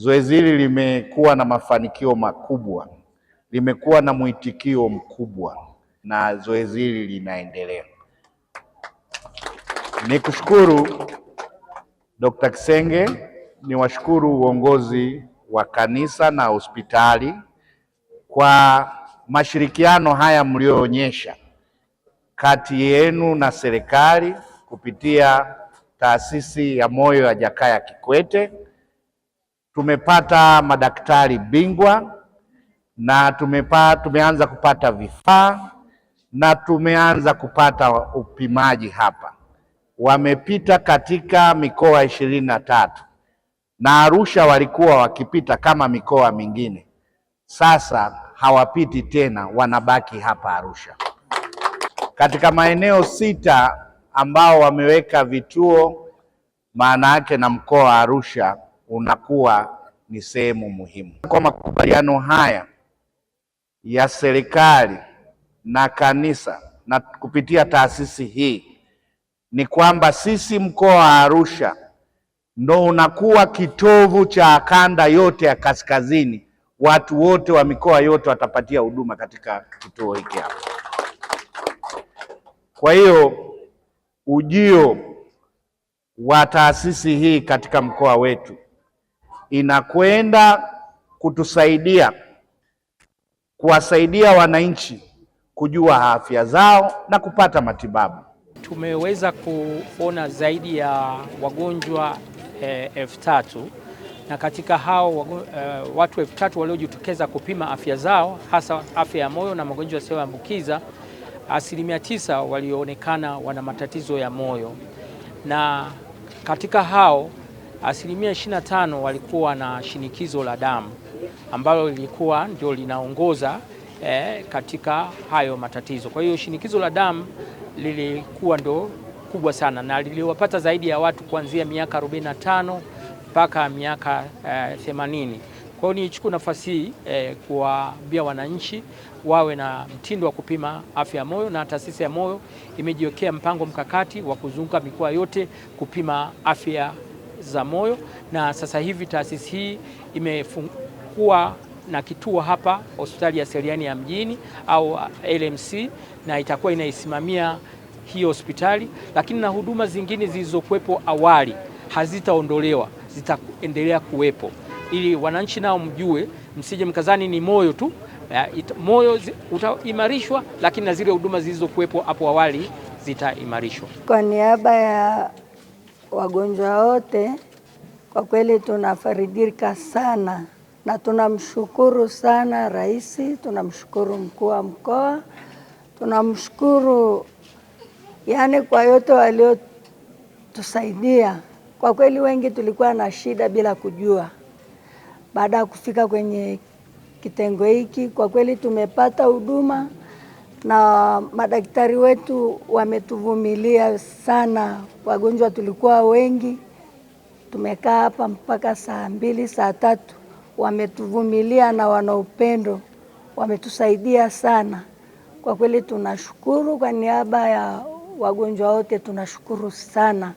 Zoezi hili limekuwa na mafanikio makubwa, limekuwa na mwitikio mkubwa, na zoezi hili linaendelea. Nikushukuru Dr. Kisenge, niwashukuru uongozi wa kanisa na hospitali kwa mashirikiano haya mlioonyesha kati yenu na serikali kupitia taasisi ya moyo ya Jakaya Kikwete. Tumepata madaktari bingwa na tumepa, tumeanza kupata vifaa na tumeanza kupata upimaji hapa. Wamepita katika mikoa ishirini na tatu na Arusha walikuwa wakipita kama mikoa mingine, sasa hawapiti tena, wanabaki hapa Arusha katika maeneo sita ambao wameweka vituo, maana yake na mkoa wa Arusha unakuwa ni sehemu muhimu. Kwa makubaliano haya ya serikali na kanisa na kupitia taasisi hii ni kwamba sisi mkoa wa Arusha ndo unakuwa kitovu cha kanda yote ya kaskazini. Watu wote wa mikoa yote watapatia huduma katika kituo hiki hapa. Kwa hiyo ujio wa taasisi hii katika mkoa wetu inakwenda kutusaidia kuwasaidia wananchi kujua afya zao na kupata matibabu. Tumeweza kuona zaidi ya wagonjwa eh, elfu tatu na katika hao eh, watu elfu tatu waliojitokeza kupima afya zao hasa afya ya moyo na magonjwa yasiyoambukiza, asilimia tisa walioonekana wana matatizo ya moyo na katika hao asilimia 25 walikuwa na shinikizo la damu ambalo lilikuwa ndio linaongoza eh, katika hayo matatizo. Kwa hiyo shinikizo la damu lilikuwa ndo kubwa sana na liliwapata zaidi ya watu kuanzia miaka 45 mpaka miaka eh, 80. Kwa hiyo nichukue nafasi hii eh, kuwaambia wananchi wawe na mtindo wa kupima afya ya moyo, na taasisi ya moyo imejiwekea mpango mkakati wa kuzunguka mikoa yote kupima afya za moyo, na sasa hivi taasisi hii imefungua na kituo hapa hospitali ya Seriani ya mjini au LMC, na itakuwa inaisimamia hii hospitali, lakini na huduma zingine zilizokuwepo awali hazitaondolewa, zitaendelea kuwepo ili wananchi nao mjue, msije mkazani ni moyo tu. Moyo utaimarishwa, lakini na zile huduma zilizokuwepo hapo awali zitaimarishwa. Kwa niaba ya wagonjwa wote. Kwa kweli tunafaridika sana na tunamshukuru sana rais, tunamshukuru mkuu wa mkoa, tunamshukuru yani kwa yote waliotusaidia. Kwa kweli wengi tulikuwa na shida bila kujua. Baada ya kufika kwenye kitengo hiki, kwa kweli tumepata huduma na madaktari wetu wametuvumilia sana. Wagonjwa tulikuwa wengi, tumekaa hapa mpaka saa mbili saa tatu, wametuvumilia na wana upendo, wametusaidia sana kwa kweli. Tunashukuru kwa niaba ya wagonjwa wote, tunashukuru sana.